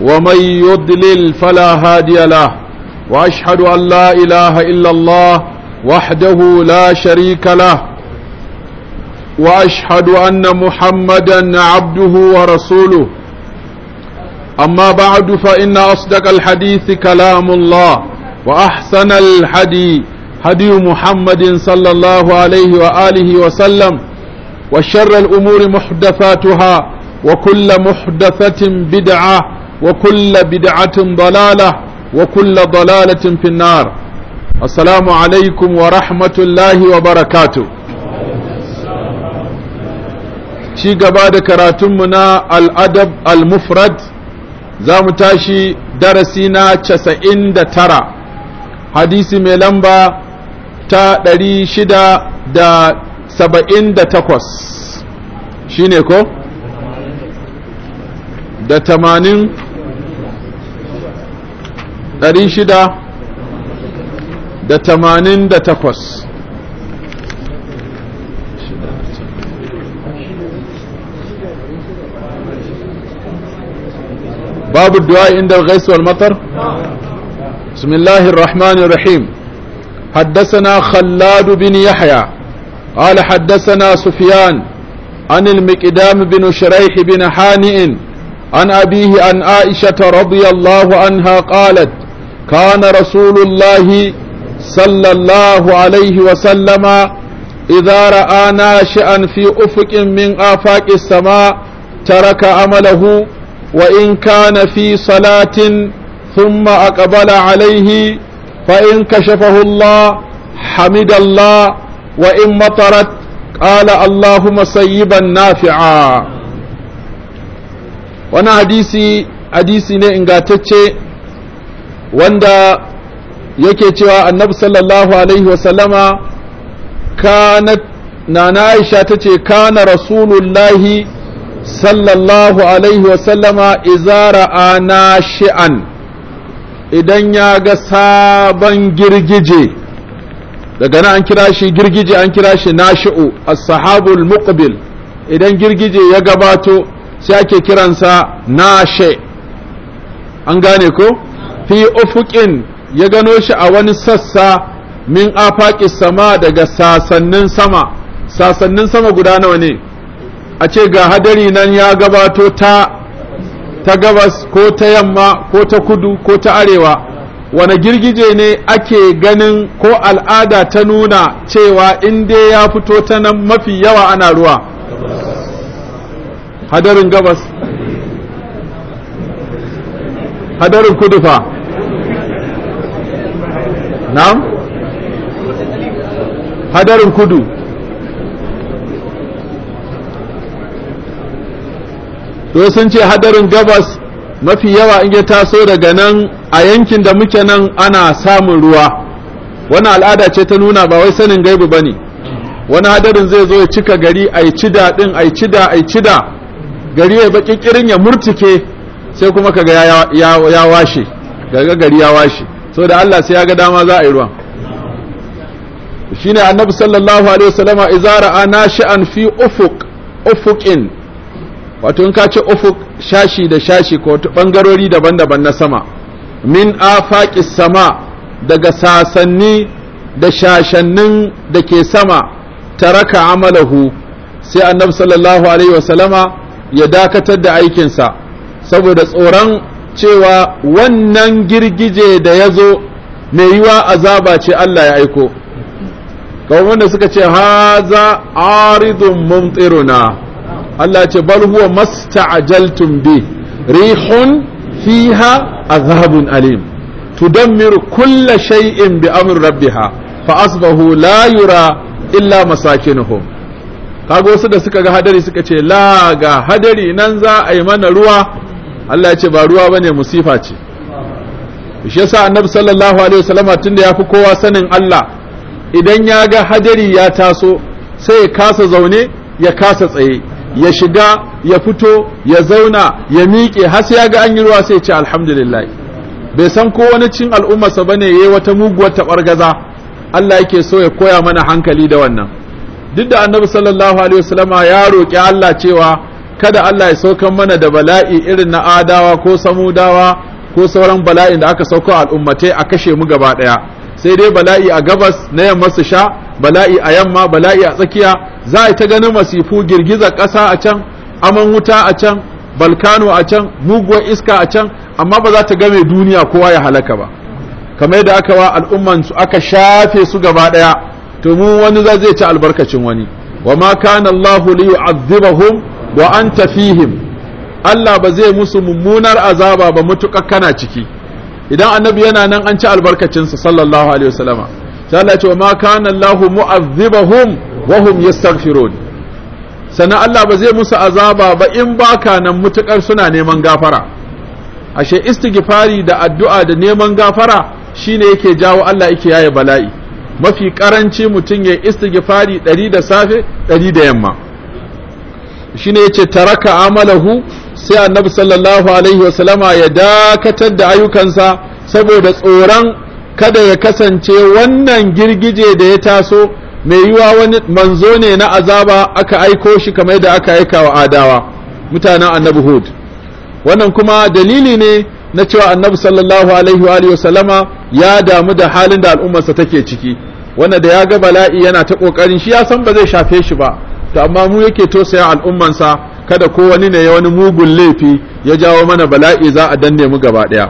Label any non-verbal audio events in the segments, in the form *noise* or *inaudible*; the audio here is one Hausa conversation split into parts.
ومن يضلل فلا هادي له وأشهد أن لا إله إلا الله وحده لا شريك له وأشهد أن محمدا عبده ورسوله أما بعد فإن أصدق الحديث كلام الله وأحسن الحدي هدي محمد صلى الله عليه وآله وسلم وشر الأمور محدثاتها وكل محدثة بدعة وكل بدعة ضلالة وكل ضلالة في النار السلام عليكم ورحمة الله وبركاته شي قبادة كراتمنا الأدب المفرد زامتاشي درسينا تسعين ترى حديث ميلمبا تا دري شدا دا سبعين دا تقوس شينيكو da tamanin ɗari shida da tamanin da takwas babu du'a inda al-ghais wal matar بسم الله الرحمن الرحيم حدثنا خلاد بن يحيى قال حدثنا سفيان عن المقدام بن شريح بن حانئ عن أبيه عن عائشة رضي الله عنها قالت كان رسول الله صلى الله عليه وسلم إذا رأى ناشئا في أفق من آفاق السماء ترك عمله وإن كان في صلاة ثم أقبل عليه فإن كشفه الله حمد الله وإن مطرت قال اللهم سيبا نافعا وانا حديثي حديثي ne ingantacce wanda yake cewa annabi sallallahu alaihi wasallama kanat nana aisha ta ce kana rasulullahi sallallahu alaihi wasallama izara a nashi'an. idan ya ga sabon girgije daga nan an kira shi girgije an kira shi nashi'u as-sahabul muqbil idan girgije ya gabato sai ake kiransa nashe an gane ko fi ufuqin ya gano shi a wani sassa min afaki sama daga sasannin sama sasannin sama guda nawa ne a ce ga hadari nan ya gabato ta ta gabas ko ta yamma ko ta kudu ko ta arewa wane girgije ne ake ganin ko al'ada ta nuna cewa in dai ya fito ta nan mafi yawa ana ruwa hadarin gabas hadarin kudu na'am hadarin kudu to sun ce hadarin gabas mafi yawa in ya taso daga nan a yankin da muke nan ana samun ruwa wani al'ada ce ta nuna ba wai sanin gaibu ba ne wani hadarin zai zo ya cika gari a yi cida ɗin a yi cida a yi cida gari ya baƙi ƙirin ya murtike sai kuma kaga ya washe gari ya washe so da Allah sai ya ga dama za a yi ruwan shine annabi sallallahu alaihi wasallama izara shi an fi ufuq ufuqin wato in ka ce ufuq shashi da shashi ko bangarori daban-daban na sama min afaqi sama daga sasanni da shashannin da ke sama taraka amalahu sai annabi sallallahu alaihi wasallama ya dakatar da aikinsa saboda tsoron cewa wannan girgije da ya zo mai yiwa azaba ce Allah ya aiko kawai wanda suka ce haza aridun mumtiruna Allah ce bal huwa masta'ajaltum bi rihun fiha zahabun alim tudammiru kulla shay'in bi amri rabbiha fa asbahu layura yura illa masakinuhum kaga wasu da suka ga hadari suka ce la ga hadari nan za a yi mana ruwa Allah ya ce ba ruwa bane musifa ce shi yasa annabi sallallahu alaihi wasallama tunda yafi kowa sanin Allah idan ya ga hadari ya taso sai ya kasa zaune ya kasa tsaye ya shiga ya fito ya zauna ya miƙe har ya ga an yi ruwa sai ya ce alhamdulillah bai san ko wani cin al'ummarsa bane yayi wata muguwar gaza. Allah yake so ya koya mana hankali da wannan duk da annabi sallallahu alaihi wasallama ya roƙi Allah cewa kada Allah ya saukan mana da bala'i irin na adawa ko samudawa ko sauran bala'in da aka sauka al'ummatai a kashe mu gaba ɗaya sai dai bala'i a gabas na yamma su sha bala'i a yamma bala'i a tsakiya za a ta ganin masifu girgizar ƙasa a can aman wuta a can balkano a can muguwar iska a can amma ba za ta game duniya kowa ya halaka ba kamar da aka wa al'umman su aka shafe su gaba ɗaya to mu wani za zai ci albarkacin wani wa ma kana Allahu li yu'adhibahum wa an tafihim Allah ba zai musu mummunar azaba ba mutuƙar kana ciki idan annabi yana nan an ci albarkacinsa sallallahu alaihi wasallama sai Allah ya ce wa ma kana Allahu mu'azzibahum wa hum yastaghfirun sannan Allah ba zai musu azaba ba in baka nan mutuƙar suna neman gafara ashe istighfari da addu'a da neman gafara shine yake jawo Allah yake yaye bala'i mafi karanci mutum ya istighfari ɗari da safe ɗari da yamma shine yace taraka amalahu sai annabi sallallahu alaihi wasallama ya dakatar da ayyukansa saboda tsoron kada ya kasance wannan girgije da ya taso mai yiwa wani manzo ne na azaba aka aiko shi kamar da aka aika wa adawa mutanen annabi hud wannan kuma dalili ne na cewa annabi sallallahu alaihi wa alihi ya damu da halin da al'ummarsa take ciki wanda da ya ga bala'i yana ta kokarin shi ya san ba zai shafe shi ba to amma mu yake tosaya al'ummansa kada ko wani ne ya wani mugun laifi ya jawo mana bala'i za a danne mu gaba ɗaya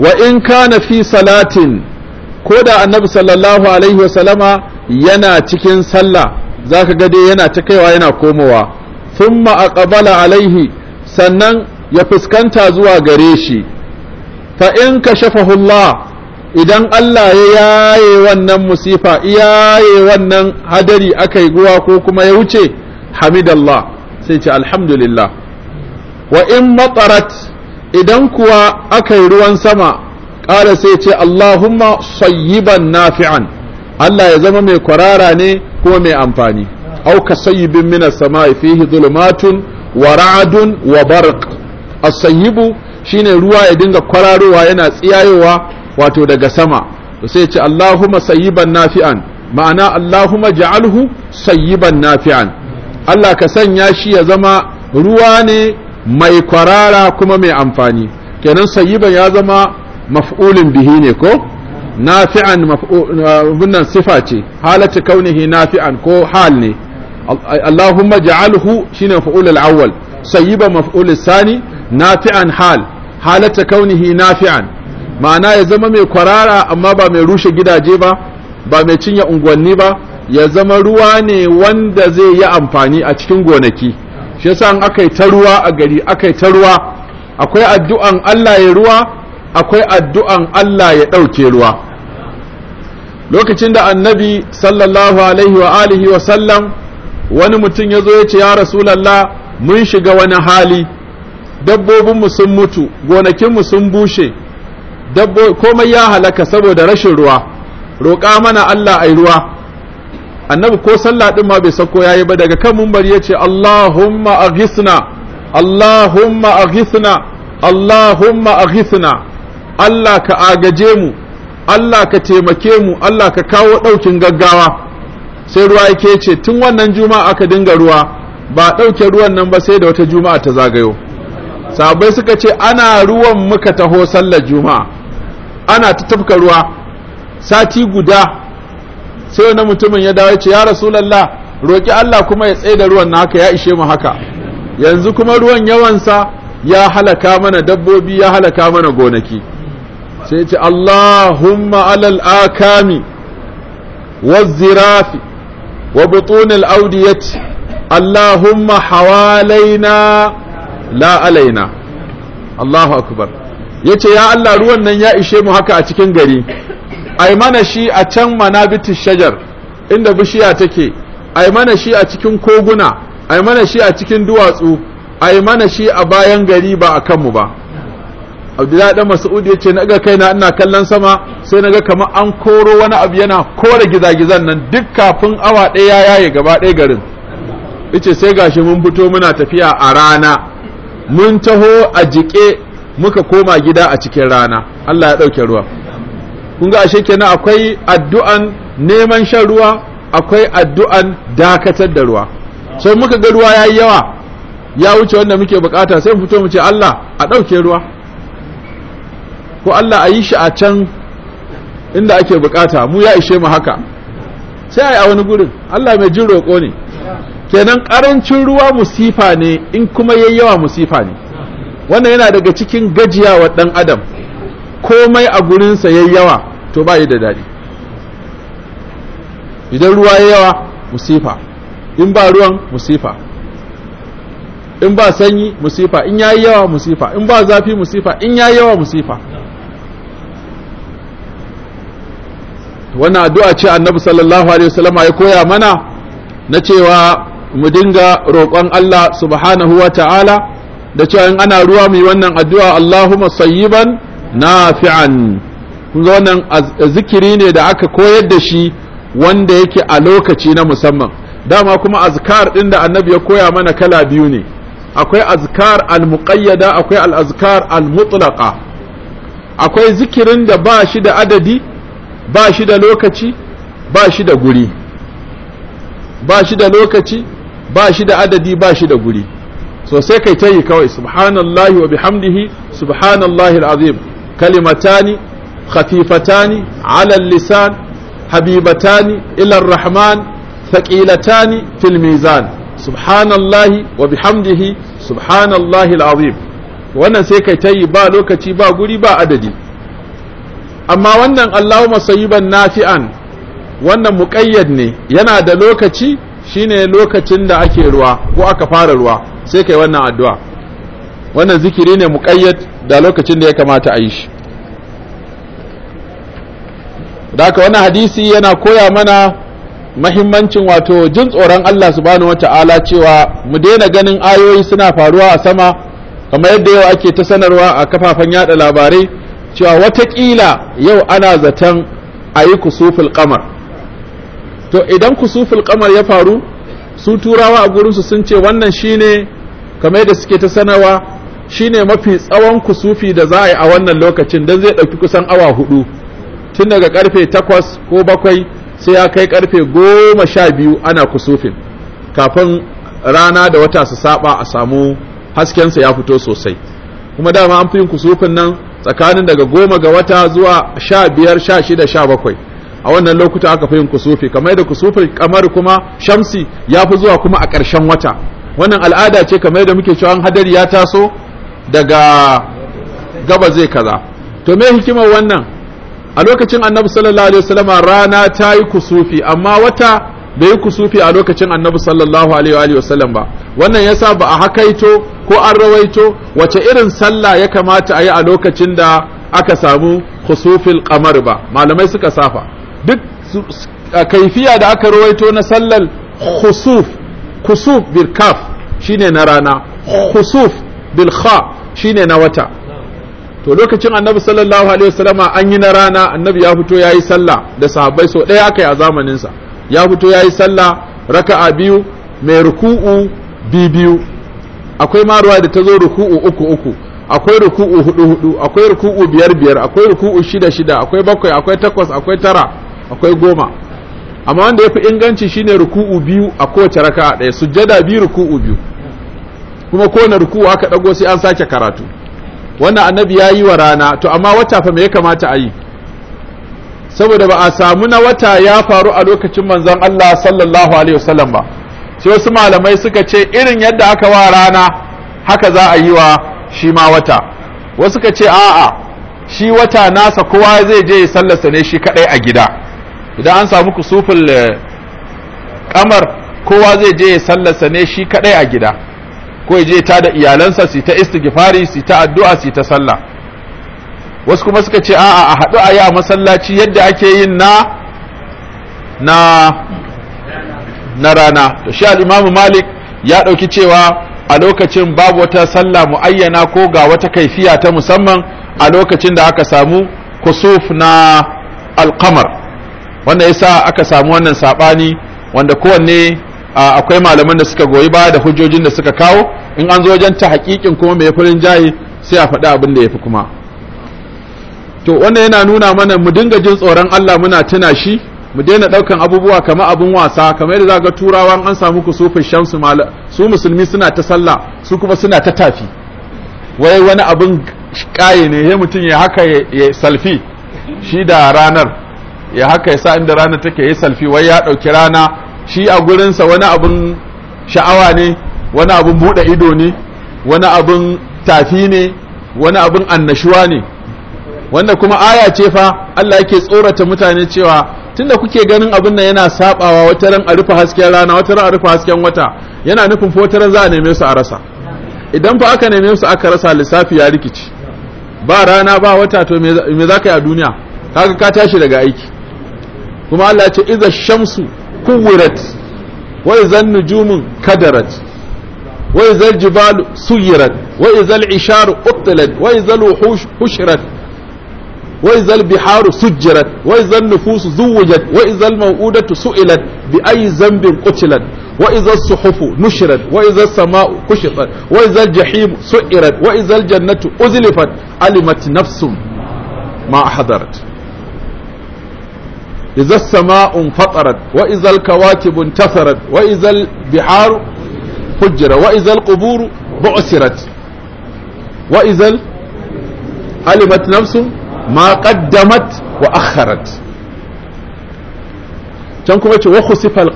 wa in kana fi salatin ko da annabi sallallahu alaihi salama yana cikin sallah zaka ga dai yana ta kaiwa yana komowa thumma aqbala alaihi sannan ya fuskanta zuwa gare shi fa in kashafahu Allah idan Allah ya yaye wannan musifa yaye wannan hadari aka yi ruwa ko kuma ya wuce hamidallah sai ce alhamdulillah wa in matsarat idan kuwa aka yi ruwan sama ƙara sai ce Allahumma sayyiban nafi'an Allah ya zama mai kwarara ne kuma mai amfani auka sayyibin minas sama'i fihi zulumatun wa ra'adun wa barq as-sayyibu shine ruwa ya dinga kwararowa yana tsiyayowa wato daga sama to sai ce Allahumma sayyiban nafi'an ma'ana Allahumma ja'alhu sayyiban nafi'an Allah ka sanya shi ya zama ruwa ne mai kwarara kuma mai amfani kenan sayyiban ya zama maf'ulin bihi ne ko nafi'an maf'ulun sifa ce halatu kaunihi nafi'an ko hal ne Allahumma ja'alhu shine maf'ulul awwal sayyiban maf'ulul sani nafi'an hal halatu kaunihi nafi'an ma'ana ya zama mai kwarara amma ba mai rushe gidaje ba ba mai cinye unguwanni ba ya zama ruwa ne wanda zai yi amfani a cikin gonaki shi yasa an aka ta ruwa a gari akai ta ruwa akwai addu'an Allah ya ruwa akwai addu'an Allah ya ɗauke ruwa lokacin da annabi sallallahu alaihi wa alihi wa sallam wani mutum ya zo ya ce ya rasulallah mun shiga wani hali dabbobinmu sun mutu gonakinmu sun bushe dabbo komai ya halaka saboda rashin ruwa roƙa mana Allah ai ruwa annabi ko sallah din ma bai sako yayi ba daga kan mumbar yace Allahumma aghisna Allahumma aghisna Allahumma aghisna Allah ka agaje mu Allah ka taimake mu Allah ka kawo ɗaukin gaggawa sai ruwa yake ce tun wannan juma'a aka dinga ruwa ba ɗauke ruwan nan ba sai da wata juma'a ta zagayo sabai suka ce ana ruwan muka taho sallar juma'a ana ta tafka ruwa sati guda sai wani mutumin ya dawo ya ce ya rasulallah roƙi Allah kuma ya tsaye da ruwan na ya ishe mu haka yanzu kuma ruwan yawansa ya halaka mana dabbobi ya halaka mana gonaki sai ce Allahumma alal akami wa butunil audiyat Allahumma حوالينا la alaina Allahu akbar. ya ce ya Allah ruwan nan ya ishe mu haka a cikin gari ai mana shi a can manabiti shajar inda bishiya take ai mana shi a cikin koguna ai mana shi a cikin duwatsu ai mana shi a bayan gari ba a kanmu ba abdullahi dan mas'ud yace na ga kaina ina kallon sama sai naga kamar an koro wani abu yana kore gizagizan nan duk kafin awa ɗaya ya yaye gaba ɗaya garin yace sai gashi mun fito muna tafiya a rana mun taho a jike muka koma gida a cikin rana Allah ya ɗauke ruwa kun ga ashe kenan akwai addu'an neman shan ruwa akwai addu'an dakatar da ruwa sai muka ga ruwa yayi yawa ya wuce wanda muke bukata sai mu fito mu ce Allah a ɗauke ruwa ko Allah a yi shi a can inda ake bukata mu ya ishe mu haka sai a yi a wani gurin Allah mai jin roƙo ne kenan ƙarancin ruwa musifa ne in kuma yayi yawa musifa ne wannan yana daga cikin wa ɗan adam komai a gurinsa ya yawa to ba yi da daɗi idan ruwa ya yawa musifa in ba ruwan musifa in ba sanyi musifa in ya yi yawa musifa in ba zafi musifa in ya yi yawa musifa wannan addu'a ce annabi sallallahu alaihi wasallama ya koya mana na cewa mu dinga roƙon Allah subhanahu wa ta'ala da cewa in ana ruwa mai wannan addu'a Allahumma sayyiban nafi'an kun wannan zikiri ne da aka koyar da shi wanda yake a lokaci na musamman dama kuma azkar ɗin da annabi ya koya mana kala biyu ne akwai azkar al-muqayyada akwai al-azkar al-mutlaqa akwai zikirin da ba shi da adadi ba shi da lokaci ba shi da guri ba shi da lokaci ba shi da adadi ba shi da guri so sai kai ta yi kawai subhanallahi wa bihamdihi subhanallahi alazim kalimatani khafifatani ala lisan habibatani ila rahman thaqilatani fil mizan subhanallahi wa bihamdihi subhanallahi alazim wannan sai kai ta yi ba lokaci ba guri ba adadi amma wannan allahumma sayyiban nafi'an wannan muƙayyad ne yana da lokaci shine lokacin da ake ruwa ko aka fara ruwa sai kai wannan addu'a wannan zikiri ne muƙayyad da lokacin da ya kamata a yi shi haka wannan hadisi yana koya mana mahimmancin wato jin tsoron Allah subhanahu wata'ala cewa mu daina ganin ayoyi suna faruwa a sama kamar yadda yau ake ta sanarwa a kafafen yada labarai cewa watakila yau ana zaton a yi kusuful kamar to idan kusuful kamar ya faru su turawa a gurinsu sun ce wannan shine kamar da suke ta sanarwa shine mafi tsawon kusufi da za a yi a wannan lokacin don zai ɗauki kusan awa hudu tun daga karfe takwas ko bakwai sai ya kai karfe goma sha biyu ana kusufin kafin rana da wata su saba a samu haskensa ya fito sosai kuma dama an fi yin kusufin nan tsakanin daga goma ga wata zuwa sha biyar sha shida sha a wannan lokuta aka fi yin kusufi kamar da kusufi kamar kuma shamsi ya fi zuwa kuma a ƙarshen wata wannan al'ada ce kamar da muke cewa hadari ya taso daga gaba zai kaza to me hikimar wannan a lokacin annabi sallallahu alaihi wasallam rana ta yi kusufi amma wata bai yi kusufi a lokacin annabi sallallahu alaihi wasallam ba wannan yasa ba a hakaito ko an rawaito wace irin sallah ya kamata a yi a lokacin da aka samu khusufil kamar ba malamai suka safa duk kaifiya da aka rawaito na sallar khusuf khusuf bil kaf shine na rana khusuf bil kha shine na wata to lokacin annabi sallallahu alaihi wasallama an yi na rana annabi ya fito yayi sallah da sahabbai so ɗaya aka yi a zamanin sa ya fito yayi sallah raka'a biyu mai ruku'u biyu akwai maruwa da ta zo ruku'u uku uku akwai ruku'u hudu hudu akwai ruku'u biyar biyar akwai ruku'u shida shida akwai bakwai akwai takwas akwai tara akwai goma amma wanda ya fi inganci shine ruku'u biyu a kowace raka ɗaya sujjada biyu ruku'u biyu kuma kowane ruku'u aka ɗago sai an sake karatu wannan annabi ya yi wa rana to amma wata fa me ya kamata a yi saboda ba a samu na wata ya faru a lokacin manzon Allah sallallahu alaihi wasallam ba sai wasu malamai suka ce irin yadda aka wa rana haka za a yi wa shi ma wata wasu ka ce a'a shi wata nasa kowa zai je ya sallarsa ne shi kadai a gida idan an samu kusufin eh, kamar kowa zai je ya sallarsa ne shi kadai a gida ko ya je ta da iyalansa su ta istighfari su ta addu'a su ta sallah wasu kuma suka ce a'a a haɗu a yi a masallaci yadda ake yin na na na rana to shi al malik ya ɗauki cewa a lokacin babu wata sallah muayyana ko ga wata kaifiya ta musamman a lokacin da aka samu kusuf na alkamar wanda sa aka samu wannan sabani wanda kowanne akwai malaman da suka goyi baya da hujjojin da suka kawo in an zo wajen ta hakikin kuma mai farin jayi sai a faɗi abin da ya fi kuma to wannan yana nuna mana mu dinga jin tsoron Allah muna tuna shi mu daina ɗaukan abubuwa kama abin wasa kamar yadda zaka turawa an samu kusufin shamsu su musulmi suna ta sallah su kuma suna ta tafi wai wani abin kaye ne ya mutum ya haka ya salfi shi da ranar ya haka ya sa inda rana take yi salfi wai ya ɗauki rana shi a gurinsa wani abun sha'awa ne wani abun buɗe ido ne wani abun tafi ne wani abun annashuwa ne wanda kuma aya ce fa Allah yake tsorata mutane cewa tunda kuke ganin abin nan yana sabawa wata ran a rufe hasken rana wata ran a rufe hasken wata yana nufin fotar za a neme su a rasa idan fa aka neme su aka rasa lissafi ya rikici ba rana ba wata to me za ka yi a duniya kaga ka tashi daga aiki kuma Allah ce iza shamsu kuwirat wa iza nujumun kadarat wa iza jibalu suyirat wa iza isharu uttilat wa iza wuhush hushirat wa iza biharu sujjirat wa iza nufusu zuwujat wa iza maw'udatu su'ilat bi ayi zambin qutilat وإذا الصحف نشرت وإذا السماء كشطت وإذا الجحيم سئرت وإذا الجنة أزلفت علمت نفس ما أحضرت idza sama'un fatarat wa idza al-kawakib intasarat wa idza al-bihar fujjirat wa idza al-qubur bu'sirat wa idza alimat nafsun ma qaddamat wa akharat kuma ce wa khusifa al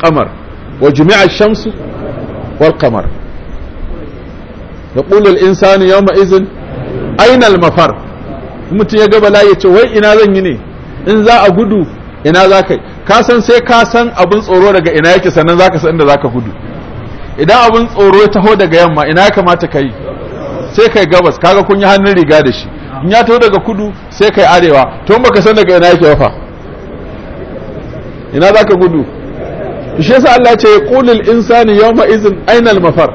wa jumi'a shamsu wal mutum ya ga bala ya ce wai ina zan yi ne in za a gudu ina za ka yi ka san sai ka san abin tsoro daga ina yake sannan za ka san inda za ka gudu idan abin tsoro ya taho daga yamma ina ya kamata ka yi sai kai gabas kaga kun yi hannun riga da shi in ya taho daga kudu sai kai arewa to in baka san daga ina yake wafa? ina za ka gudu shi yasa Allah ce qulil insani yawma izin ainal mafar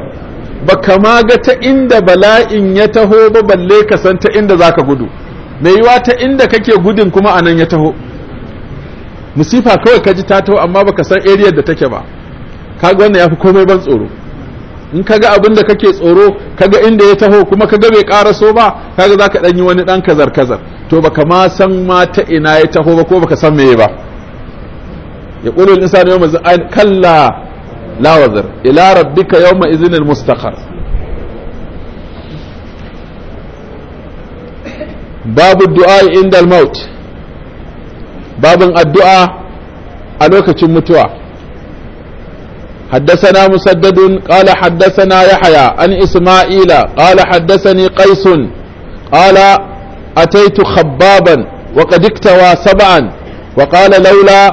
baka ma ga ta inda bala'in ya taho ba balle ka san ta inda za ka gudu mai yiwa ta inda kake gudun kuma anan ya taho musifa kawai ka ji ta taho amma baka san area da take ba kaga wannan yafi komai ban tsoro in ka ga abin da kake tsoro ka ga inda ya taho kuma ka ga bai karaso ba kaga zaka dan yi wani ɗan kazar kazar to baka ma san ma ta ina ya taho ba ko baka san meye ba ya qulu al insanu yawma zan kalla la wazir ila rabbika yawma idhinil mustaqar babu du'a inda al maut babin addu'a a lokacin mutuwa حدثنا مسدد قال حدثنا يحيى عن إسماعيل قال حدثني قيس قال أتيت خبابا وقد اكتوى سبعا وقال لولا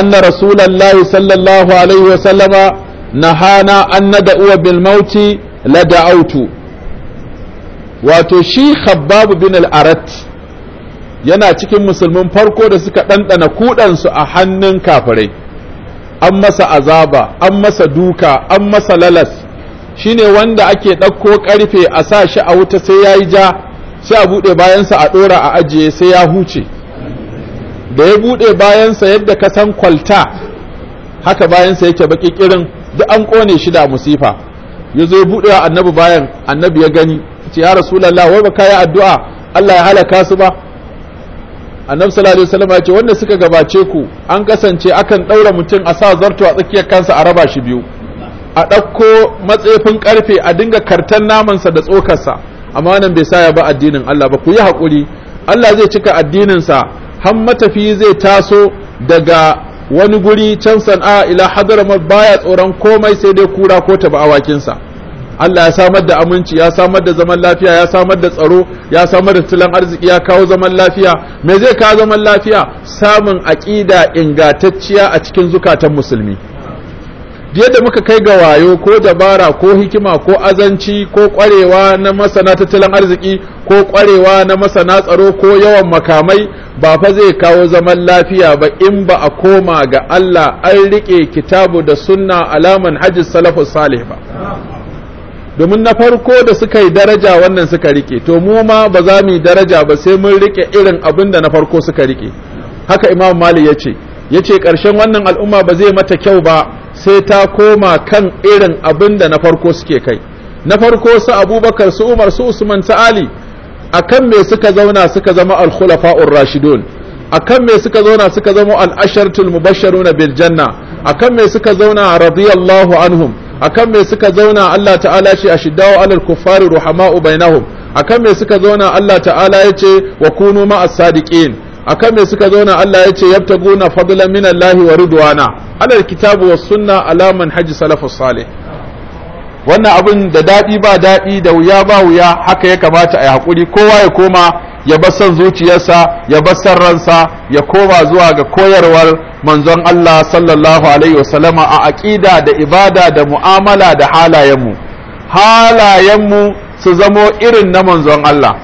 أن رسول الله صلى الله عليه وسلم نهانا أن ندعو بالموت لدعوت وتشي خباب بن الأرت yana cikin musulmin farko da suka ɗanɗana kuɗansu a hannun kafirai an masa azaba an masa duka an masa lalas shine wanda ake ɗauko ƙarfe a sa shi a wuta sai ya yi ja sai a buɗe bayansa a ɗora a ajiye sai ya huce da ya buɗe bayansa yadda ka san kwalta haka bayansa yake baƙi ƙirin duk an ƙone shi da musifa ya zo ya buɗe annabi bayan annabi ya gani ce ya rasulallah wai ba ka yi addu'a Allah ya halaka su ba annabi sallallahu alaihi wasallam ya ce wanda suka gabace ku an kasance akan daura mutum a sa zarto a tsakiyar kansa a raba shi biyu a ɗauko matsefin karfe a dinga kartan namansa da tsokarsa amma nan bai sa ya ba addinin Allah ba ku yi haƙuri Allah zai cika addinin sa har matafi zai taso daga wani guri can sana'a ila hadramar baya tsoron komai sai dai kura ko taba wakinsa. Allah ya samar da aminci ya samar da zaman lafiya ya samar da tsaro ya samar da tilan arziki ya kawo zaman lafiya me zai kawo zaman lafiya samun aƙida ingantacciya a cikin zukatan musulmi yadda muka kai ga wayo ko dabara ko hikima ko azanci ko kwarewa na masana tattalin arziki ko kwarewa na masana tsaro ko yawan makamai ba fa zai kawo zaman lafiya ba in ba a koma ga Allah an rike kitabu da sunna alaman hajji salafus salih ba domin na farko da suka yi daraja wannan suka rike to mu ma ba za mu yi daraja ba sai mun rike irin abin da na farko suka rike haka imam mali ya ce ya ce ƙarshen wannan al'umma ba zai mata kyau ba sai ta koma kan irin abin da na farko suke kai na farko su abubakar su umar su usman su ali a kan me suka zauna suka zama al-khulafa'ur rashidun kan me suka zauna suka zama al-asharatul mubashsharuna bil janna kan me suka zauna radiyallahu anhum akan me suka zauna Allah ta'ala ce shiddawo alal kuffari ruhama'u bainahum akan me suka zauna Allah ta'ala yace wa kunu ma'as sadiqin akan me suka zauna Allah yace yabtaguna fadlan min Allah wa ridwana alal kitabu was sunna alaman haji salafus salih wannan abin da dadi ba dadi da wuya ba wuya haka ya kamata a yi hakuri kowa ya koma ya bar son zuciyarsa ya bar son ransa ya koma zuwa ga koyarwar manzon Allah sallallahu alaihi wasallama a aqida da ibada da mu'amala da halayenmu halayenmu su zamo irin na manzon Allah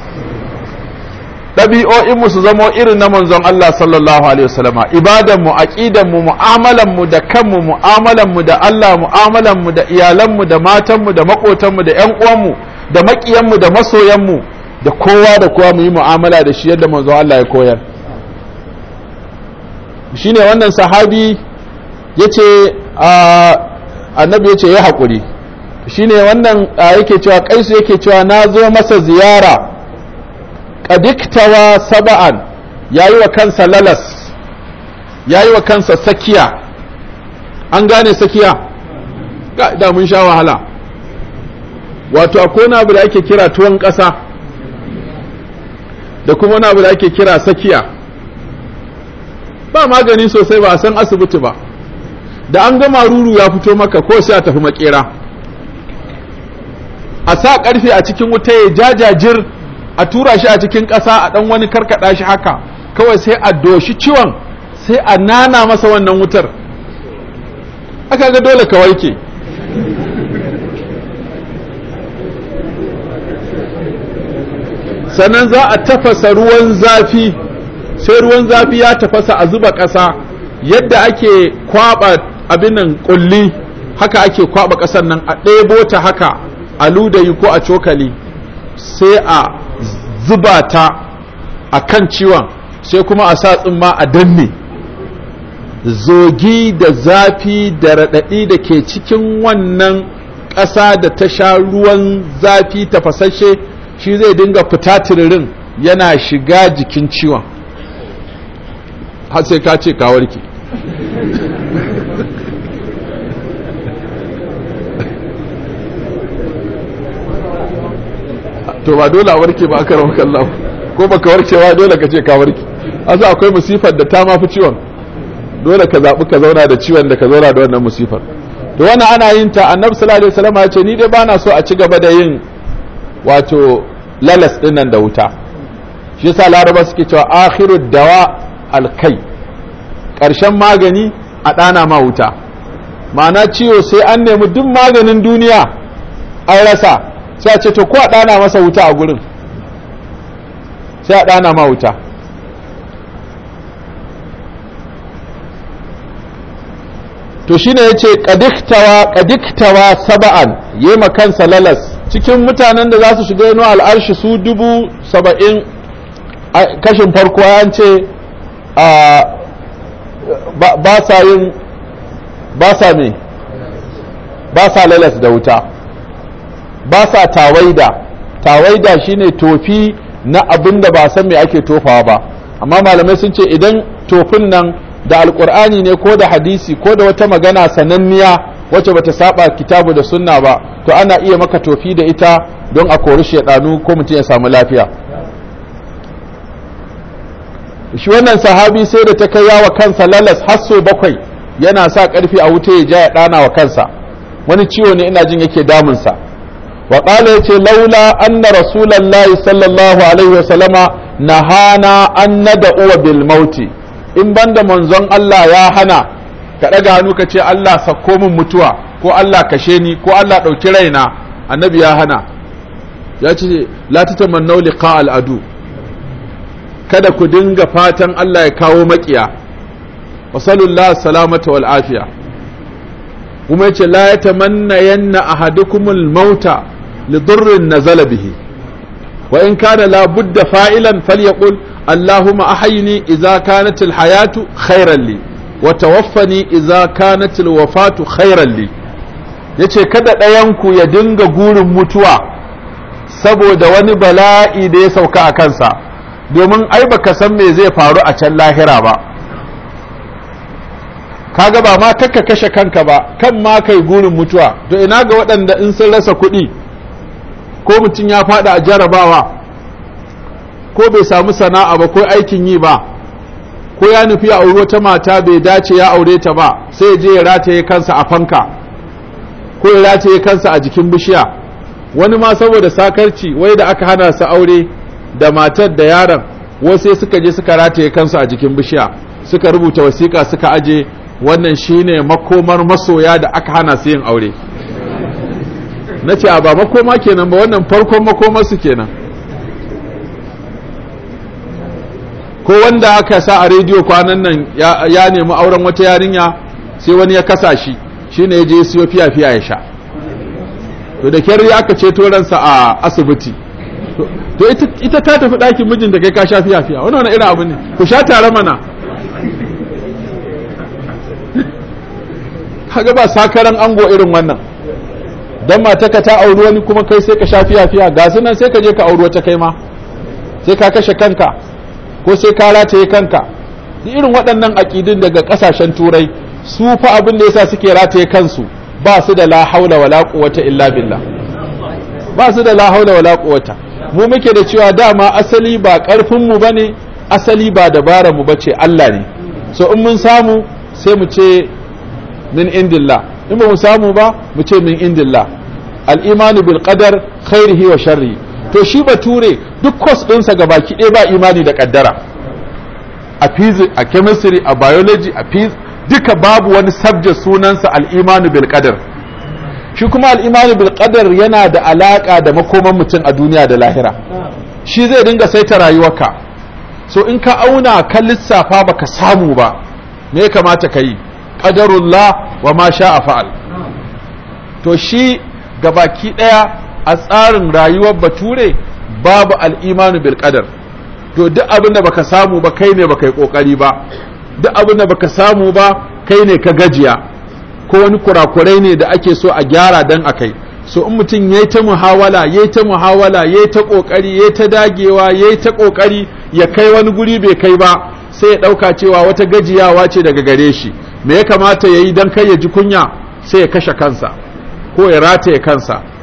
ɗabi'o'inmu su zamo irin na manzon Allah sallallahu alaihi wasallama ibadanmu aqidanmu mu'amalanmu da kanmu mu'amalanmu da Allah mu'amalanmu da iyalanmu da matanmu da maƙotanmu da ƴan uwanmu da maƙiyanmu da masoyanmu da kowa da kowa mu yi mu'amala da shi yadda manzo Allah ya koyar shine wannan sahabi yace annabi yace ya hakuri shine wannan yake cewa kaisu yake cewa na zo masa ziyara kadiktawa saba'an yayi wa kansa lalas yayi wa kansa sakiya an gane sakiya da mun sha wahala wato akwai wani abu da ake kira tuwon kasa? da kuma wani abu da ake kira sakiya ba magani sosai ba a san asibiti ba da an gama ruru ya fito maka ko sai a tafi makera a sa karfe a cikin wuta ya jajajir a tura shi a cikin ƙasa a ɗan wani karkaɗa shi haka kawai sai a doshi ciwon sai a nana masa wannan wutar aka ga dole ka warke sannan za a tafasa ruwan zafi sai ruwan zafi ya tafasa a zuba ƙasa yadda ake kwaba abinan ƙulli kulli haka ake kwaba ƙasan nan a ɗebo ta haka a ludayi ko a cokali sai a zuba ta a kan ciwon sai kuma a sa tsumma a danne zogi da zafi da raɗaɗi da ke cikin wannan ƙasa da ta sha ruwan zafi tafasasshe shi zai dinga fita tiririn yana shiga jikin ciwon har sai ka ce ka warke to ba dole a warke ba aka rawa kallon ko baka warke ba dole ka ce ka warke asa akwai musifar da ta mafi ciwon dole ka zaɓi ka zauna da ciwon da ka zauna da wannan musifar to wani ana yin ta annabi sallallahu alaihi wasallam ya ce ni dai bana so a ci gaba da yin wato lalas dinnan da wuta shi yasa laraba suke cewa akhirud dawa alkai ƙarshen magani a dana ma wuta ma'ana ciwo sai an nemi duk maganin duniya an rasa sai a ce to ko a dana masa wuta a gurin sai a dana ma wuta to shine yace kadiktawa kadiktawa saba'an yema kansa lalas cikin mutanen da za su shiga yano al'arshi su dubu saba'in kashin farko ya ce ba sa yin ba sa me ba sa lalas da wuta ba sa tawaida tawaida shine tofi na abin da ba san me ake tofawa ba amma malamai sun ce idan tofin nan da alkur'ani ne ko da hadisi ko da wata magana sananniya wacce bata saba kitabu da sunna ba to ana iya maka tofi da ita don a kori shaidanu ko mutum ya samu lafiya shi wannan sahabi sai da ta kai yawa kansa lalas so bakwai yana sa karfi a wuta ya ja ya dana wa kansa wani ciwo ne ina jin yake damunsa wa qala yace laula anna rasulullahi sallallahu alaihi wa nahana an nad'u bil mauti in banda manzon Allah ya hana ka ɗaga hannu ka ce Allah sakko min mutuwa ko Allah kashe ni ko Allah ɗauki raina annabi ya hana ya ce la tatamannaw liqa al'adu kada ku dinga fatan Allah ya kawo maƙiya wa sallallahu salamata wal afiya kuma yace la yatamanna yanna ahadukumul mauta li durrin nazala bihi wa in kana la budda fa'ilan falyaqul allahumma ahyini idza kanat al hayatu khairan li wa tawaffani idza kanat alwafatu khairan li yace kada ɗayan ya dinga gurin mutuwa saboda wani bala'i da ya sauka a kansa domin ai baka san me zai faru a can lahira ba kaga ba ma kakka kashe kanka ba kan ma kai gurin mutuwa to ina ga waɗanda in sun rasa kuɗi ko mutum ya faɗa a jarabawa ko bai samu sana'a ba ko aikin yi ba ko ya nufi a auri wata mata bai dace ya aure ta ba sai je ya rataye kansa a fanka ko ya rataye kansa a jikin bishiya wani ma saboda sakarci wai da aka hana su aure da matar da yaron wasu suka je suka rataye kansu a jikin bishiya suka rubuta wasiƙa suka aje wannan shine makomar masoya da aka hana su yin aure na ce a ba makoma kenan ba wannan farkon makomarsu kenan ko wanda aka sa a rediyo kwanan nan ya nemi auren wata yarinya sai wani ya kasa shi shine ya je siyo fiya fiya ya sha to da kyar aka ceto ransa a asibiti to ita ta tafi ɗakin mijin da kai ka sha fiya fiya wani wani irin abu ne ku sha tare mana kaga ba sakaran ango irin wannan mata ka ta auri wani kuma kai sai ka sha fiya fiya ga sunan sai ka je ka auri wata kai ma sai ka kashe kanka ko sai ka rataye kanka duk irin waɗannan aƙidun daga ƙasashen turai su fa abin da ya sa suke rataye kansu ba su da la haula wala illa billah ba su da la haula wala mu muke da cewa dama asali ba ƙarfin mu bane asali ba dabara mu bace Allah ne so in mun samu sai mu ce min indillah in ba mu samu ba mu ce min indillah al-imanu bil qadar khairihi wa sharrihi to shi bature duk kwas ɗinsa ga baki ɗaya ba imani da ƙaddara a physics a chemistry a biology a physics duka babu wani subject sunansa al'imanu bil qadar shi kuma al'imanu bil qadar yana da alaƙa da makoman mutum a duniya da lahira shi zai dinga saita rayuwarka so in ka auna ka lissafa baka samu ba me ya kamata ka yi qadarullah wa ma a fa'al to shi gabaki ɗaya. a tsarin rayuwar bature babu al'imanu bil qadar to duk abin da baka samu ba kai ne baka yi kokari ba duk abin da baka samu ba kai ne ka gajiya ko wani kurakurai ne da ake so a gyara dan kai? so in mutum yayi ta muhawala yayi ta muhawala yayi ta kokari yayi ta dagewa yayi ta kokari ya kai wani guri bai kai ba sai ya dauka cewa wata gajiyawa ce daga gare shi me ya kamata yayi dan kai ya ji kunya sai ya kashe kansa ko ya rataye kansa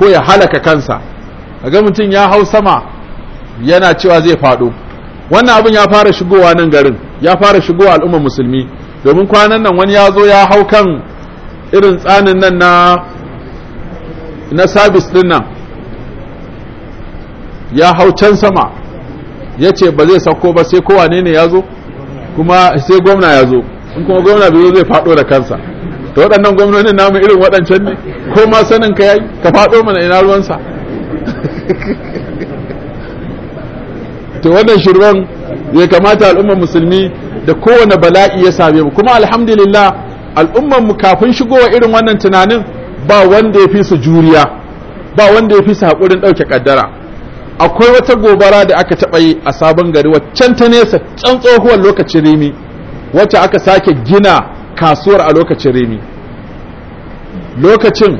ko ya halaka kansa ga mutum ya hau sama yana cewa zai faɗo wannan abin ya fara shigowa nan garin ya fara shigowa al'ummar musulmi domin kwanan nan wani ya zo ya hau kan irin tsanin nan na na sabis din nan ya hau can sama ya ce ba zai sauko ba sai kowane ne ya zo kuma sai gwamna ya zo in kuma gwamna bai zo zai faɗo da kansa da waɗannan gwamnonin namu irin waɗancan ne ko ma sanin ka yayi ka faɗo mana ina ruwansa to wannan shirwan ya kamata al'ummar musulmi da kowane bala'i ya same mu kuma alhamdulillah al'ummar mu kafin shigowa irin wannan tunanin ba wanda ya fi su juriya ba wanda ya fi su haƙurin ɗauke ƙaddara akwai wata gobara da aka taɓa yi a sabon gari waccan ta nesa can tsohuwar lokacin rimi wacce aka sake gina kasuwar a lokacin rimi lokacin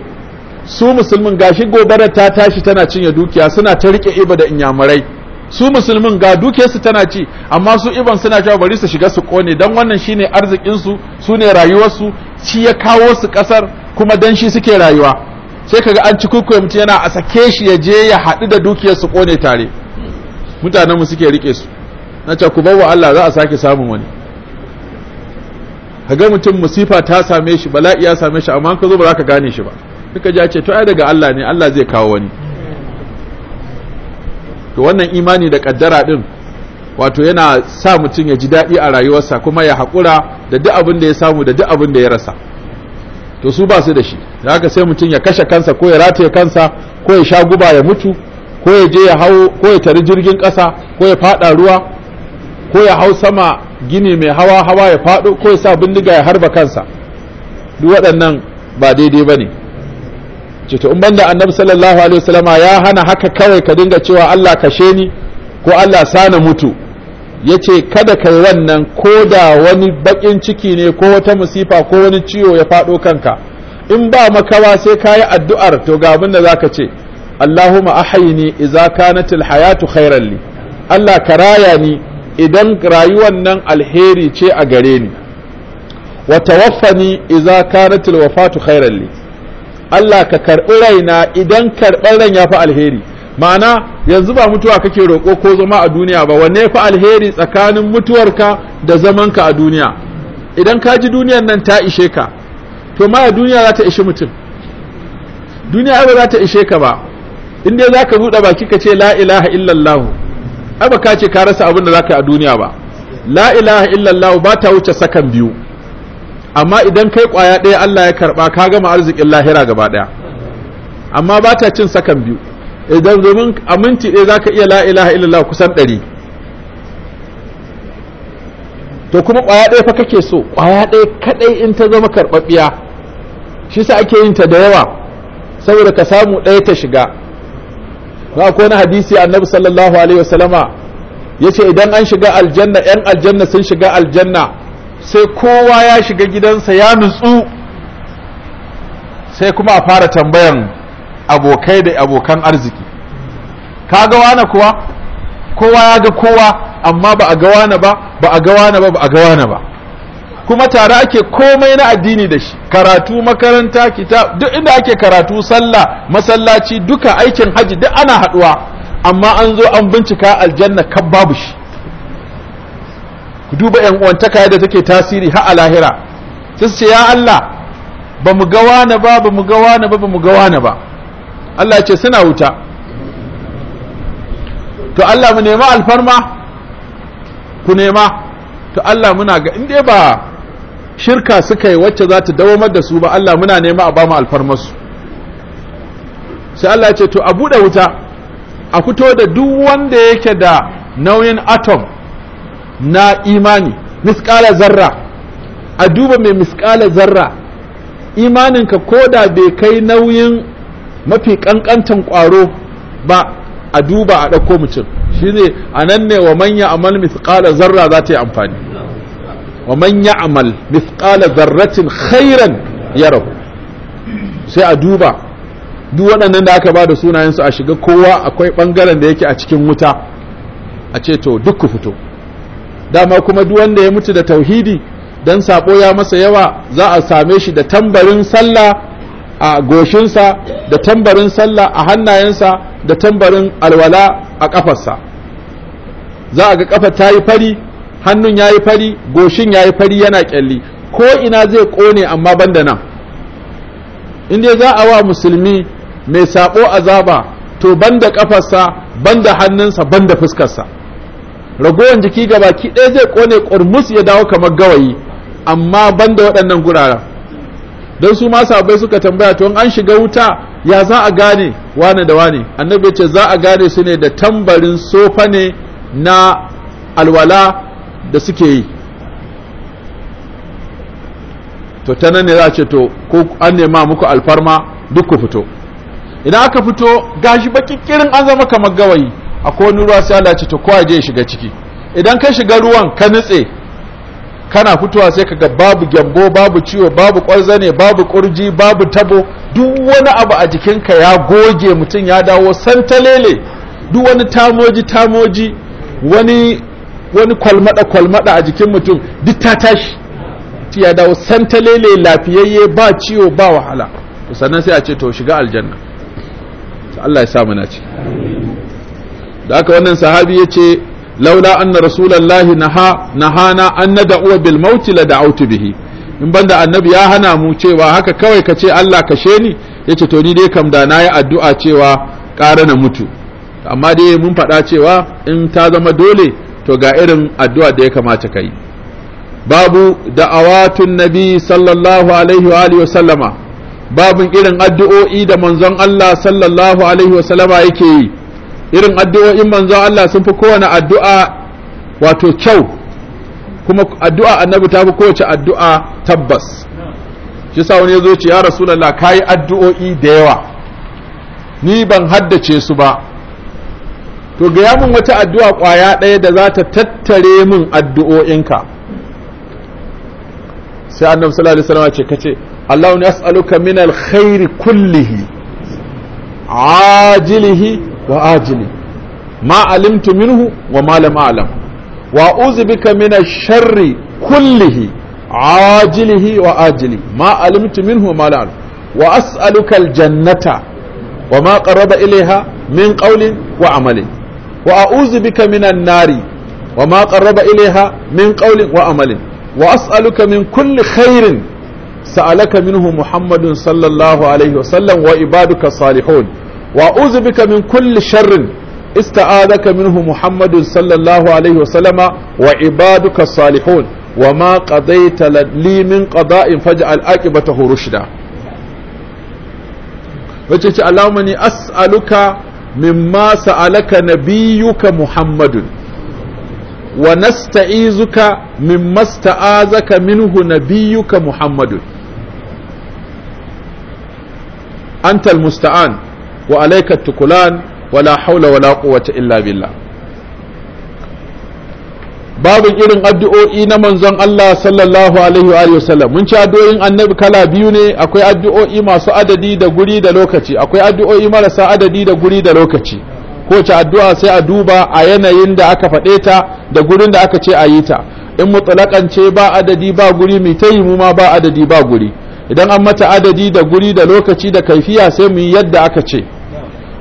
su musulmin gashi gobara ta tashi tana cinye dukiya suna ta rike iba da inyamurai su musulmin ga dukiyarsu tana ci amma su iban suna cewa bari su shiga su kone dan wannan shine arzikinsu su ne rayuwarsu shi ya kawo su kasar kuma dan shi suke rayuwa sai kaga an ci kukuwa mutum yana a sake shi ya je ya haɗu da dukiyar su kone tare mutanenmu suke rike su na ce ku bawa Allah za a sake samun wani Ka ga mutum musifa ta same shi bala'i ya same shi amma ka zo ba za ka gane shi ba kika ja ce to ai daga Allah ne Allah zai kawo wani to wannan imani da kaddara din wato yana sa mutum ya ji daɗi a rayuwarsa kuma ya haƙura da duk abin da ya samu da duk abin da ya rasa to su ba su da shi da haka sai mutum ya kashe kansa ko ya rataye kansa ko ya sha guba ya mutu ko ya je ya hawo ko ya tari jirgin ƙasa ko ya faɗa ruwa ko ya hau sama gini mai hawa hawa ya faɗo ko ya sa bindiga ya harba kansa duk waɗannan ba daidai ba ne cito in banda annabi sallallahu alaihi wasallama ya hana haka kawai ka dinga cewa Allah kashe ni ko Allah sana mutu yace kada kai wannan ko da wani bakin ciki ne ko wata musifa ko wani ciwo ya faɗo kanka in ba makawa sai ka yi addu'ar to ga abin da za ce Allahumma ahyini idza kanatil hayatu khairan li Allah ka raya ni idan rayuwan nan alheri ce a gare ni wa tawaffani idza kanat alwafatu khairan li Allah ka karɓi raina idan karban ran ya fi alheri ma'ana yanzu ba mutuwa kake roƙo ko zama a duniya ba wanne fi alheri tsakanin mutuwarka da zamanka a duniya idan ka ji duniyar nan ta ishe ka to ma duniya za ta ishe mutum duniya ba za ta ishe ka ba in dai za ka buɗe baki ka ce la ilaha illallahu ai ba ka ce ka rasa abin da zaka yi a duniya ba la ilaha illallah ba ta wuce sakan biyu amma idan kai kwaya ɗaya Allah ya karba ka gama arzikin lahira gaba ɗaya amma ba ta cin sakan biyu idan domin a minti ɗaya zaka iya la ilaha illallah kusan ɗari to kuma kwaya ɗaya fa kake so kwaya ɗaya kaɗai in ta zama karɓaɓɓiya shi sa ake yin ta da yawa saboda ka samu ɗaya ta shiga ga ko na hadisi annabi sallallahu alaihi wasallama yace idan an shiga aljanna yan aljanna sun shiga aljanna sai kowa ya shiga gidansa ya nutsu sai kuma a fara tambayan abokai da abokan arziki kaga wani kuwa kowa ya ga kowa amma ba a ga wani ba ba a ga wani ba ba a ga wani ba kuma tare ake komai na addini da shi karatu makaranta kitab duk inda ake karatu sallah masallaci duka aikin haji duk ana haduwa amma an zo an bincika aljanna kan babu shi ku duba yan uwantaka da take tasiri ha a lahira sai su ce ya Allah ba mu ga wani ba ba mu ga wani ba ba mu ga wani ba Allah ya ce suna wuta to Allah mu nema alfarma ku nema to Allah muna ga in dai ba shirka suka yi wacce za ta dawamar da su ba Allah muna nema a bamu alfarmasu sai Allah ce to a buɗe wuta a fito da duk wanda yake da nauyin atom na imani miskala zarra a duba mai miskala zarra imaninka ko da bai kai nauyin mafi ƙanƙantan ƙwaro ba a duba a ɗauko mutum shi ne a nan ne wa manya amal misƙala zarra za ta yi amfani wa man ya'mal mithqala dharratin khairan yarahu sai a duba duk waɗannan da aka ba da sunayensu a shiga kowa akwai ɓangaren da yake a cikin wuta a ce to duk ku fito dama kuma duk wanda ya mutu da tauhidi dan sabo ya masa yawa za a same shi da tambarin sallah a goshinsa da tambarin sallah a hannayensa da tambarin alwala a ƙafarsa. za a ga ƙafa ta yi fari hannun ya yi fari goshin ya yi fari yana kyalli ko ina zai kone amma banda nan in dai za a wa musulmi mai sabo azaba to banda kafarsa banda hannunsa banda fuskarsa ragowar jiki ga baki ɗaya zai kone ƙurmus ya dawo kamar gawayi amma banda waɗannan guraren don su ma abai suka tambaya to an shiga wuta ya za a gane wane da wane annabi ce za a gane su ne da tambarin sofa ne na alwala da suke yi to ta nan ne za a ce to ko an nema muku alfarma duk ku fito idan aka fito gashi bakikirin an zama kamar gawayi akwai wani ruwa sai Allah ce to kowa je shiga ciki idan ka shiga ruwan ka nutse kana fitowa sai kaga babu gyambo babu ciwo babu kwarzane babu kurji babu tabo duk wani abu a jikinka ya goge mutum ya dawo santalele duk wani tamoji tamoji wani wani kwalmada kwalmada a jikin mutum duk ta tashi ya ta lele lafiyayye ba ciwo ba wahala to sannan sai a ce to shiga aljanna Allah ya sa mu nace da haka wannan sahabi yace laula anna rasulullahi naha nahana an nad'u bil maut la da'awtu bihi in banda annabi ya hana mu cewa haka kawai ka ce Allah kashe ni yace to ni dai kam da nayi addu'a cewa ƙara na mutu amma dai mun faɗa cewa in ta zama dole to ga irin addu'a da ya kamata ka yi babu da'awatun nabi sallallahu alaihi wa sallama babun irin addu'o'i da manzon Allah sallallahu alaihi wa sallama yake yi irin addu'o'in manzon Allah sun fi kowane addu'a wato kyau kuma addu'a annabi ta fi kowace addu'a tabbas shi sa wani ya zo ce ya ka yi addu'o'i da yawa ni ban haddace su ba to gaya min wata addu'a ƙwaya ɗaya da za ta tattare min addu'o'inka sai annabi sallallahu alaihi wasallam ce kace Allahu nas'aluka min alkhairi kullihi ajilihi wa ajili ma alimtu minhu wa ma lam a'lam wa uzbika min sharri kullihi ajilihi wa ajili ma alimtu minhu wa ma lam a'lam wa as'aluka al-jannata wa ma qaraba ilayha min qawlin wa amalin wa a'udhu bika minan nari wa ma qarraba ilaiha min qawlin wa amalin wa as'aluka min kulli khairin sa'alaka minhu muhammadun sallallahu alaihi wa sallam ibaduka salihun wa kulli sharrin استعاذك منه محمد صلى الله عليه وسلم وعبادك الصالحون وما قضيت لي من قضاء فاجعل عاقبته رشدا وتجعل اللهم اني اسالك mimma sa'alaka nabiyyuka muhammadun wa nasta'izuka mimma sta'azaka minhu nabiyyuka Muhammadu? antal musta'an wa alayka tukulan wala haula wala quwwata illa billah babu irin addu'o'i na manzon Allah sallallahu alaihi wa sallam mun ci addu'o'in annabi kala biyu ne akwai addu'o'i masu adadi da guri da lokaci akwai addu'o'i marasa adadi da guri da lokaci Ko kowace addu'a sai a duba a yanayin da aka faɗe ta da gurin da aka ce a yi ta in mutlaƙan ce ba adadi ba guri mai ta yi ma ba adadi ba guri idan an mata adadi da guri da lokaci da kaifiya sai mu yi yadda aka ce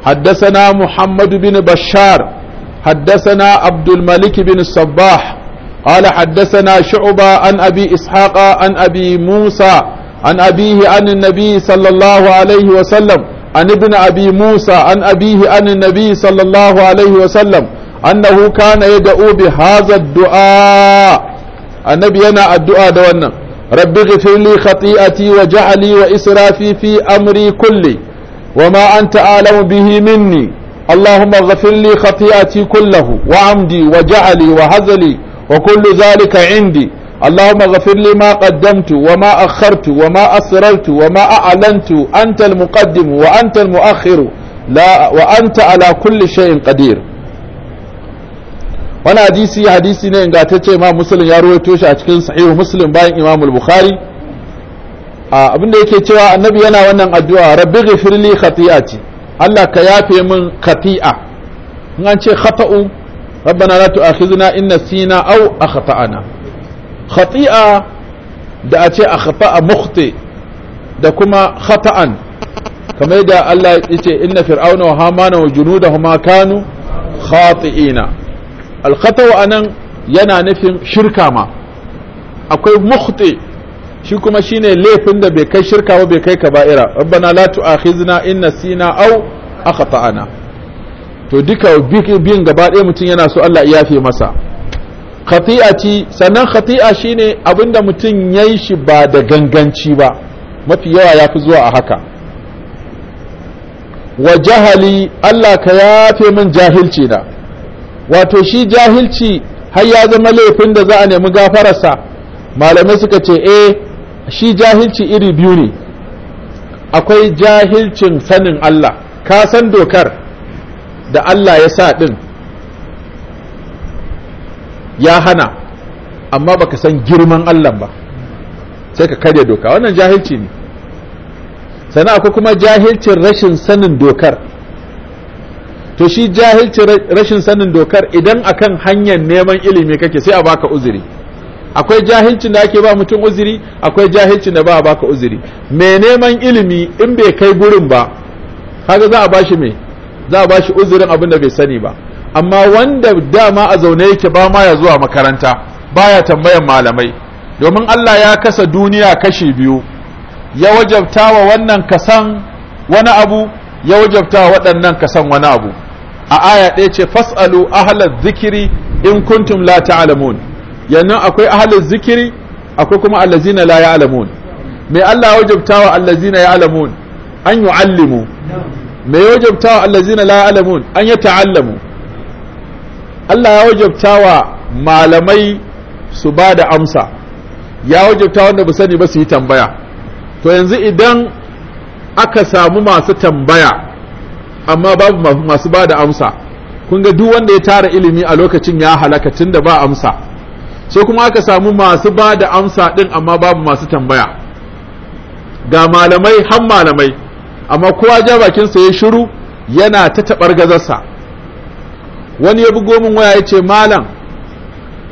haddasa na muhammadu bin bashar حدثنا عبد الملك بن الصباح قال حدثنا شعبة عن أبي إسحاق عن أبي موسى عن أبيه عن النبي صلى الله عليه وسلم عن ابن أبي موسى عن أبيه عن النبي صلى الله عليه وسلم أنه كان يدعو بهذا الدعاء النبي أنا الدعاء دوانا رب اغفر لي خطيئتي وجعلي وإسرافي في أمري كلي وما أنت أعلم به مني اللهم اغفر لي خطيئتي كله وعمدي وجعلي وهزلي وكل ذلك عندي اللهم اغفر لي ما قدمت وما أخرت وما أسررت وما أعلنت أنت المقدم وأنت المؤخر لا وأنت على كل شيء قدير wani hadisi hadisi ne ingantacce ma muslim ya ruwaito shi a cikin sahihu muslim bayan imam bukhari abinda yake cewa annabi yana wannan addu'a rabbi ghafirli khati'ati Allah ka yafe min kati'a. in an ce khata'u rabbana la tu'akhizna in nasina aw akhta'ana khati'a da a ce akhta'a mukhti da kuma khata'an kamar da Allah ya ce inna fir'auna wa hamana wa junudahuma kanu khati'ina al khata'u anan yana nufin shirka ma akwai mukhti shi kuma shine laifin da bai kai shirka ba bai kai ka ba'ira rabbana la tu'akhizna in nasina aw akhtana to duka bin gaba ɗaya mutum yana so Allah ya yafe masa khati'ati sannan khati'a shine abinda mutum yayi shi ba da ganganci ba mafi yawa yafi zuwa a haka wa jahali Allah ka yafe min jahilci na wato shi jahilci har ya zama laifin da za a nemi gafararsa malamai suka ce eh shi jahilci iri biyu ne akwai jahilcin sanin Allah ka san dokar da Allah ya sa ɗin ya hana amma baka san girman Allah ba sai ka karya doka wannan jahilci ne sannan akwai kuma jahilcin rashin sanin dokar to shi jahilcin rashin sanin dokar idan akan hanyar neman ilimi kake sai a baka uzuri akwai jahilcin da ake ba mutum uzuri akwai jahilcin da ba a baka uzuri mai neman ilimi in bai kai gurin ba kaga za a bashi me za a bashi uzurin abin da bai sani ba amma wanda dama a zaune yake ba ma ya zuwa makaranta baya tambayan malamai domin Allah ya kasa duniya kashi biyu ya wajabta wa wannan kasan wani abu ya wajabta wa waɗannan kasan wani abu a aya ɗaya ce fas'alu ahlaz zikiri in kuntum la ta'lamun yannan akwai ahalin zikiri akwai kuma allazina la ya'lamun me Allah wajabtawa allazina ya'lamun an yu'allimu me wajabtawa allazina la ya'lamun an yata'allamu Allah ya wajabtawa malamai su ba da amsa ya wajabta wanda ba sani ba su yi tambaya to yanzu idan aka samu masu tambaya amma babu masu ba da amsa kun ga duk wanda ya tara ilimi a lokacin ya halaka tun da ba amsa sai kuma aka samu masu ba da amsa ɗin amma babu masu tambaya ga malamai han malamai amma kowa ja bakinsa ya shiru yana ta taɓar gazarsa wani ya bugo min waya ya ce malam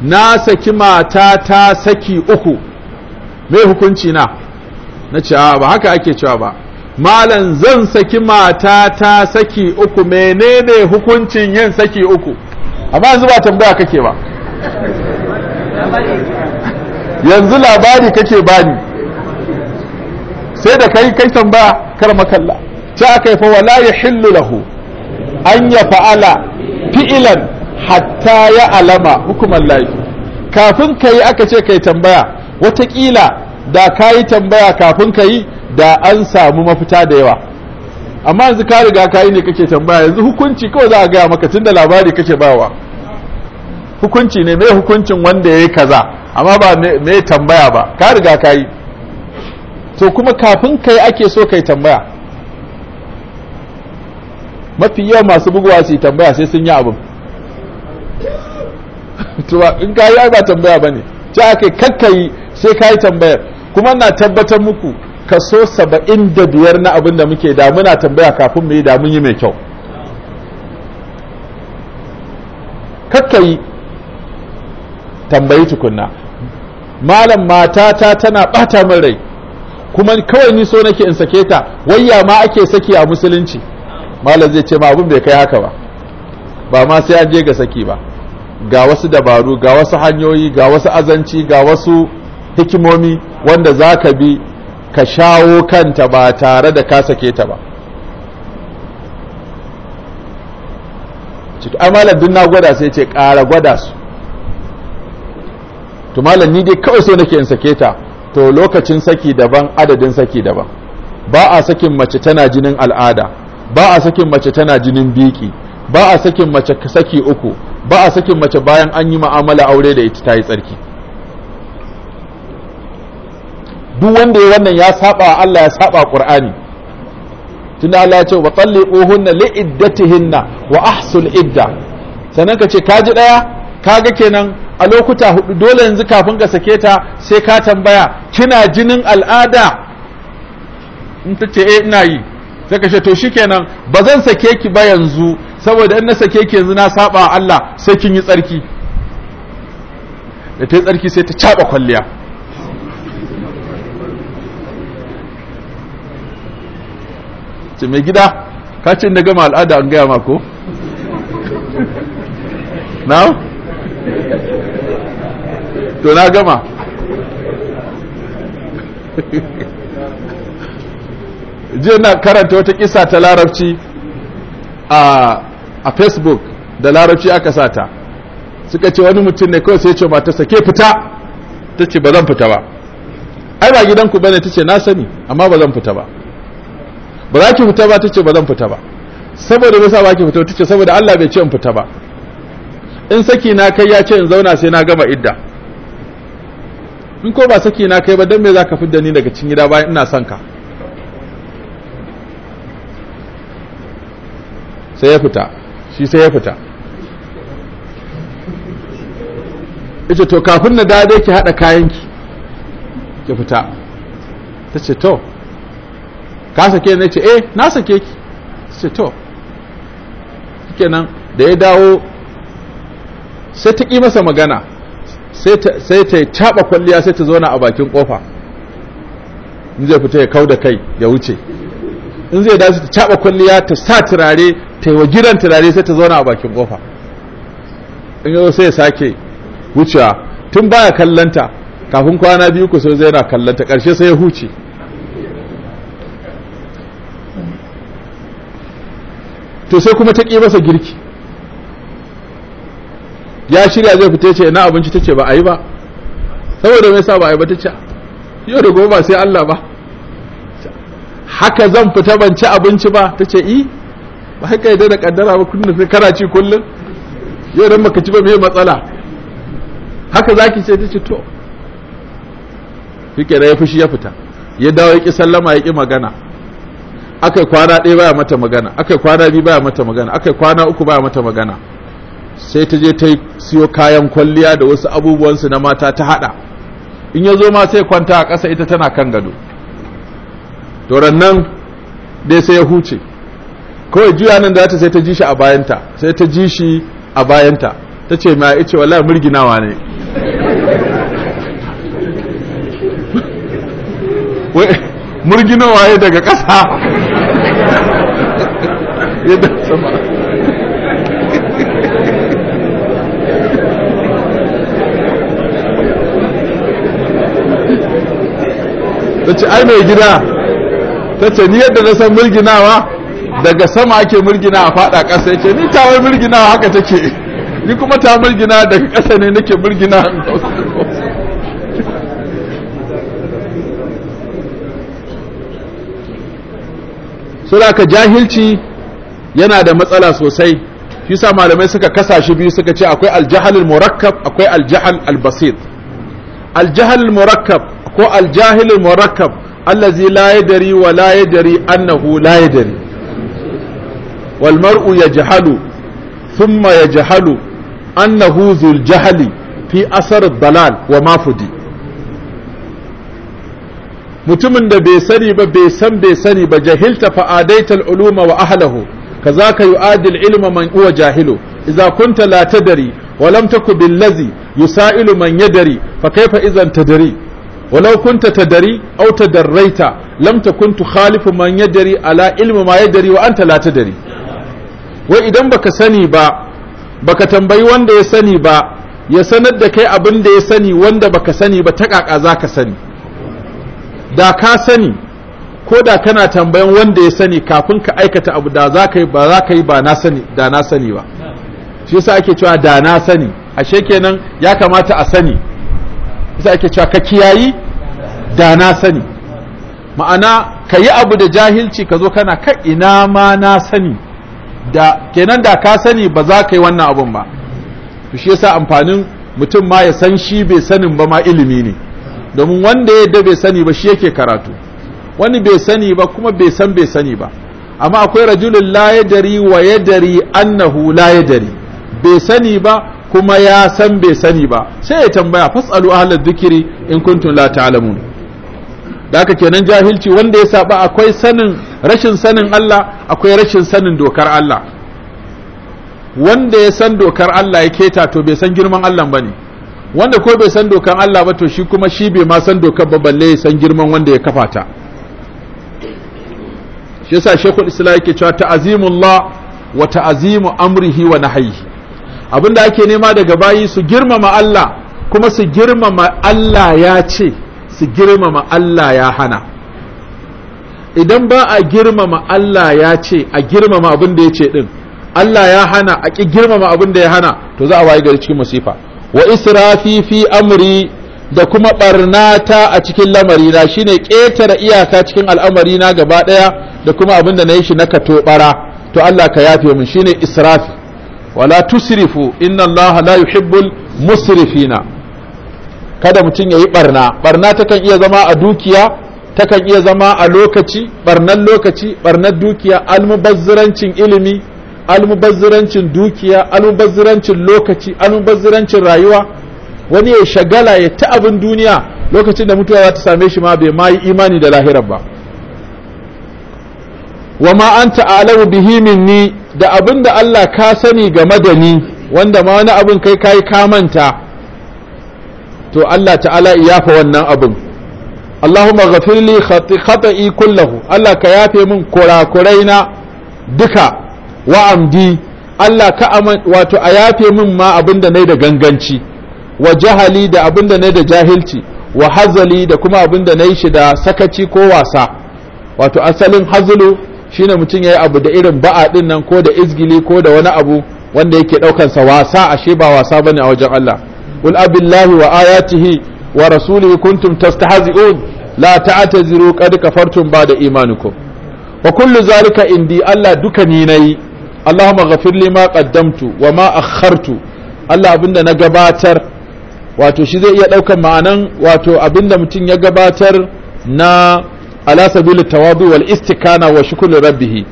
na saki mata ta saki uku mai hukunci na na ce ba haka ake cewa ba malam zan saki mata ta saki uku menene hukuncin yin saki uku amma yanzu ba tambaya kake ba yanzu labari kake bani sai da kai kai tambaya kar makalla ta aka yi fa wala hillu lahu an ya fa'ala fi'ilan hatta ya alama hukumar laifi kafin ka yi aka ce kai yi tambaya watakila da ka yi tambaya kafin ka yi da an samu mafita da yawa amma yanzu ka riga ka yi ne kake tambaya yanzu hukunci kawai za a gaya maka tun da labari kake bawa hukunci ne mai hukuncin wanda ya yi kaza amma ba mai tambaya ba ka riga ka yi to kuma kafin kai ake so kai tambaya mafi yawan masu buguwa su yi tambaya sai sun yi abin *laughs* to in ka yi ba tambaya ba ne ce aka kakkayi sai ka yi tambayar kuma na tabbatar muku kaso saba'in da biyar na abin da muke da muna tambaya kafin mu yi da mun yi mai kyau kakkayi tambayi tukunna malam matata tana bata min rai kuma kawai ni so nake in sake ta wayya ma ake saki a musulunci malam zai ce ma abin bai kai haka ba ba ma sai an je ga saki ba ga wasu dabaru ga wasu hanyoyi ga wasu azanci ga wasu hikimomi wanda za ka bi ka shawo kanta ba tare da ka sake ta ba cikin amalar duk na gwada sai ce ƙara gwada su to malam ni dai kawai so nake in sake ta to lokacin saki daban adadin saki daban ba a sakin mace tana jinin al'ada ba a sakin mace tana jinin biki ba a sakin mace saki uku ba a sakin mace bayan an yi ma'amala aure da ita ta yi tsarki duk wanda ya wannan ya saba Allah ya saba Qur'ani da Allah ya ce wa talliquhunna li'iddatihinna wa ahsul idda sannan ka ce kaji daya kaga kenan a lokuta hudu dole yanzu kafin ka sake ta sai ka tambaya kina jinin al'ada in ta ce eh ina yi sai ka ce to shikenan ba zan sake ki ba yanzu saboda in na sake ki yanzu na saba Allah sai kin yi tsarki da ta yi tsarki sai ta caba kwalliya ce mai gida ka ce na gama al'ada an gaya ma ko *laughs* to na gama *laughs* je na karanta wata kisa ta larabci a a facebook da larabci aka sata suka ce wani mutum ne kawai sai ce mata sake fita ta ce ba zan fita ba ai ba gidanku bane ta ce na sani amma ba zan fita ba ba za ki fita ba ta ce ba zan fita ba saboda ba sa ba ki fita ta ce saboda Allah bai ce in fita ba in saki na kai ya ce in zauna sai na gama idda in ko ba saki na kai ba don me ka fidda ni daga cikin gida bayan ina son ka sai ya fita shi sai ya fita ita to kafin na dade ki hada kayanki ki fita ta ce to ka sake na ce eh na sake ki Ta ce to kenan da ya dawo sai ta ƙi masa magana sai ta caba kwalliya sai ta zauna a bakin kofa in zai fita ya kau da kai ya wuce in zai dace ta caba kwalliya ta sa turare ta yi wa gidan turare sai ta zauna a bakin kofa in yau sai ya sake wucewa tun baya kallanta kafin kwana biyu ku sai zai na kallanta karshe sai ya huce to sai kuma ta ƙi masa girki ya shirya zai fita ce ina abinci tace ba a yi ba saboda me yasa ba a yi ba tace yau da goma ba sai Allah ba haka zan fita ban ci abinci ba tace i eh, ba haka yadda da kaddara ba kullum sai kana ci kullum yau dan baka ci ba me matsala haka zaki ce tace to Fike da ya fushi ya fita ya dawo ya ki sallama ya ki magana akai kwana ɗaya baya mata magana akai kwana biyu baya mata magana akai kwana uku baya mata magana sai ta je ta siyo kayan kwalliya da wasu abubuwansu na mata ta hada in ya zo ma sai kwanta a ƙasa ita tana kan gado doron nan dai sai ya huce kawai juya nan da ta sai ta ji shi a bayanta sai ta ji shi a bayanta ta ce ma ya ce wallahi nawa ne nawa ya daga ƙasa *laughs* ya sama ta ce ai mai gida ta ce ni yadda na san mulginawa daga sama ake mulgina a fada ƙasa ya ce ni ta wai mulgina haka take ni kuma ta mulgina daga ƙasa ne nake mulgina sura *laughs* ka jahilci yana da matsala sosai shi sa malamai suka kasashe biyu suka ce akwai aljahalul murakkab akwai aljahal albasir. aljahal murakkab ko aljahil murakkab allazi la yadri wa la yadri annahu la yadri wal mar'u yajhalu thumma yajhalu annahu zul jahli fi asar dalal wa mafudi mutumin da bai sani ba bai san bai sani ba jahilta fa adaital uluma wa ahlahu kazaka yu'adil ilma man huwa jahilu Izakun talata dari tadri wa lam taku yusailu man yadari fa kaifa idan tadari walau kunta tadari aw tadarraita lam takun tukhalifu man yadari ala ilmi ma yadari wa anta la tadari wai idan baka sani ba baka tambayi wanda ya sani ba ya sanar da kai abin da ya sani wanda baka sani ba ta kaka zaka sani da ka sani ko da kana tambayan wanda ya sani kafin ka aikata abu da za ka yi ba za na sani ba shi yasa ake cewa da na sani ashe kenan ya kamata a sani isa ake cewa ka kiyayi da na sani ma'ana ka yi abu da jahilci ka zo kana ka ina ma na sani da kenan da ka sani ba za ka yi wannan abun ba to shi yasa amfanin mutum ma ya san shi bai sanin ba ma ilimi ne domin wanda ya da bai sani ba shi yake karatu wani bai sani ba kuma bai san bai sani ba amma akwai rajulun la dari wa yadari annahu la dari bai sani ba kuma ya san bai sani ba sai ya tambaya fasalu ahlal dhikri in kuntum la ta'lamun da haka kenan jahilci wanda ya saba akwai sanin rashin sanin Allah akwai rashin sanin dokar Allah wanda ya san dokar Allah ya keta to bai san girman Allah bane wanda ko bai san dokan Allah ba to shi kuma shi bai ma san dokar ba balle ya san girman wanda ya kafa ta shi yasa shekul islam yake cewa ta'azimullah wa ta'azimu amrihi wa nahyihi abinda ake nema daga bayi su girmama Allah kuma su girmama Allah ya ce su girmama Allah ya hana idan ba a girmama Allah ya ce a girmama abin da ya ce din Allah ya hana a ki girmama abin da ya hana to za a waye gari cikin musifa wa israfi fi amri da kuma barnata a cikin lamari lamarina shine ƙetare iyaka cikin al'amarina gaba ɗaya da kuma abin da na yi shi na kato katobara to Allah ka yafe mun shine israfi wala tusirifu. inna allaha la yuhibbul musrifina kada mutum ya yi barna barna takan iya zama a dukiya takan iya zama a lokaci barnan lokaci barnan dukiya almubazzirancin ilimi almubazzirancin dukiya almubazzirancin lokaci almubazzirancin rayuwa wani ya shagala ya ta abin duniya lokacin da mutuwa za ta same shi ma bai ma yi imani da lahirar ba wa ma anta alamu bihi ni. da abin da Allah ka sani game da ni wanda ma wani abin kai kai ka manta to Allah ta'ala ya fa wannan abin Allahumma ghafir li khata'i kullahu Allah ka yafe min kurakurai na duka wa amdi Allah ka wato a yafe min ma abin da nai da ganganci wa jahali da abin da nai da jahilci wa hazali da kuma abin da nayi shi da sakaci ko wasa wato asalin hazlu shine mutum ya yi abu da irin ba'a din nan ko da izgili ko da wani abu wanda yake daukan sa wasa ashe ba wasa bane a wajen Allah qul abillahi wa ayatihi wa rasulihi kuntum tastahzi'un la ta'taziru qad kafartum ba'da imanikum wa kullu zalika indi Allah duka ni nayi Allahumma ghafir li ma qaddamtu wa ma akhartu Allah abinda na gabatar wato shi zai iya daukan ma'anan wato abinda mutum ya gabatar na ala sabili tawadu wal istikana wa shukru rabbih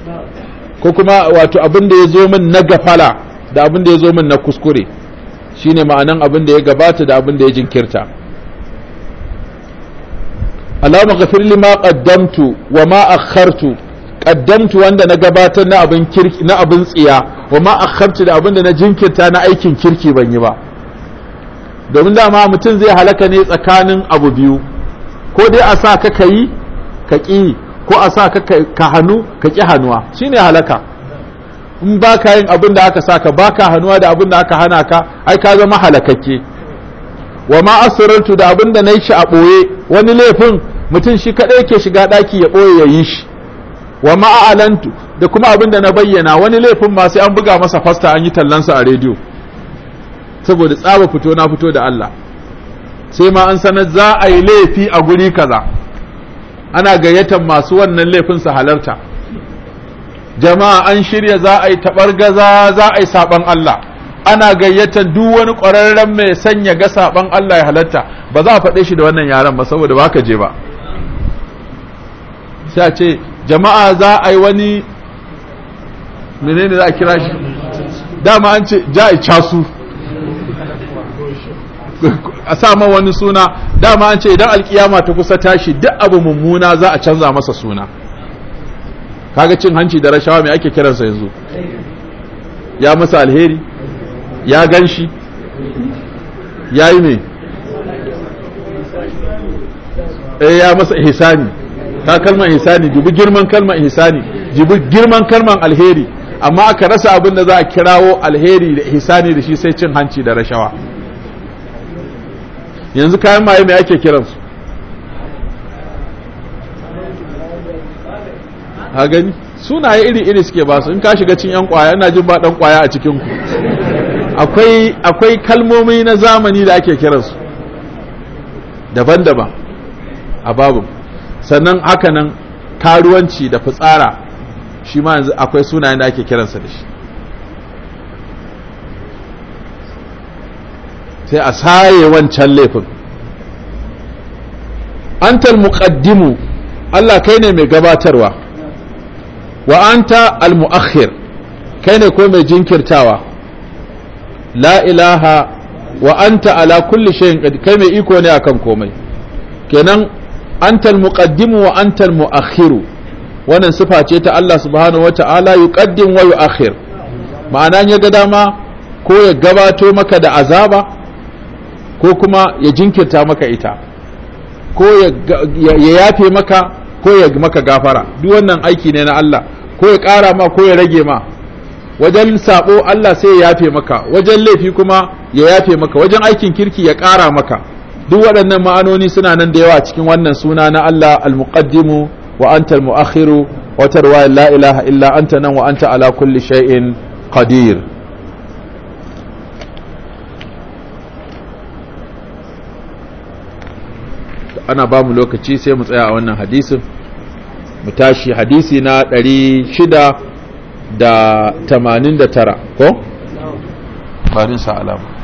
ko kuma wato abin da ya zo min na gafala da abin da ya zo min na kuskure shine ma'anan abin da ya gabata da abin da ya jinkirta Allahumma ghafir li ma qaddamtu wa ma akhartu qaddamtu wanda na gabatar na abin kirki na abin tsiya wa ma akhartu da abin da na jinkirta na aikin kirki ban yi ba domin dama mutum zai halaka ne tsakanin abu biyu ko dai a sa ka kai ka ƙi ko a sa ka hannu ka ƙi hannuwa shine halaka in ba ka yin abin da aka saka ba ka hannuwa da abin da aka hana ka ai ka zama halakakke wa ma da abin da na yi shi a ɓoye wani laifin mutum shi kaɗai ke shiga ɗaki ya ɓoye ya yi shi wa ma da kuma abin da na bayyana wani laifin masu sai an buga masa fasta an yi tallansa a rediyo saboda tsaba fito na fito da Allah sai ma an sanar za a yi laifi a guri kaza ana gayyatar masu wannan laifin su halarta jama'a an shirya za a yi tabargaza za a yi saban Allah ana gayyatar duk wani ƙwararren mai sanya ga saban Allah ya halarta ba za a faɗe shi da wannan yaran ba saboda ba ka je ba sai a ce jama'a za a yi wani menene za a kira shi dama an ce ja'i casu a sa ma wani suna dama an ce idan alkiyama ta kusa tashi duk abu mummuna za a canza masa suna kaga cin hanci da rashawa mai ake kiransa yanzu ya masa alheri ya gan shi ya yi mai eh ya masa ihsani ta kalmar ihsani jibi girman kalmar ihsani jibi girman kalmar alheri amma aka rasa abin da za a kirawo alheri da ihsani da shi sai cin hanci da rashawa yanzu kayan maye mai ake kiransu ha gani sunaye iri-iri suke basu. in ka shiga cin yan kwaya ina jin baɗan kwaya a cikinku. akwai kalmomi na zamani da ake kiransu daban-daban a babu sannan hakanan nan karuwanci da fitsara shi ma yanzu akwai sunayen da ake kiransa da shi sai a saye wancan laifin antal muqaddimu Allah kai ne mai gabatarwa wa anta al muakhir kai ne ko mai jinkirtawa la ilaha wa anta ala kulli shay'in qadir kai mai iko ne akan komai kenan antal muqaddimu wa antal muakhiru wannan sifa ce ta Allah subhanahu wata'ala yuqaddim wa yuakhir ma'ana ya ga dama ko ya gabato maka da azaba ko kuma ya jinkirta maka ita ko ya yafe maka ko ya maka gafara duk wannan aiki ne na Allah ko ya ƙara ma ko ya rage ma wajen sabo Allah sai ya yafe maka wajen laifi kuma ya yafe maka wajen aikin kirki ya ƙara maka duk waɗannan ma'anoni suna nan da yawa cikin wannan suna na Allah al-muqaddimu wa anta muakhiru wa tarwa la ilaha illa anta nan wa anta ala kulli shay'in qadir ana ba mu lokaci sai mu tsaya a wannan hadisin mu tashi hadisi na 689 ko? barin sa alama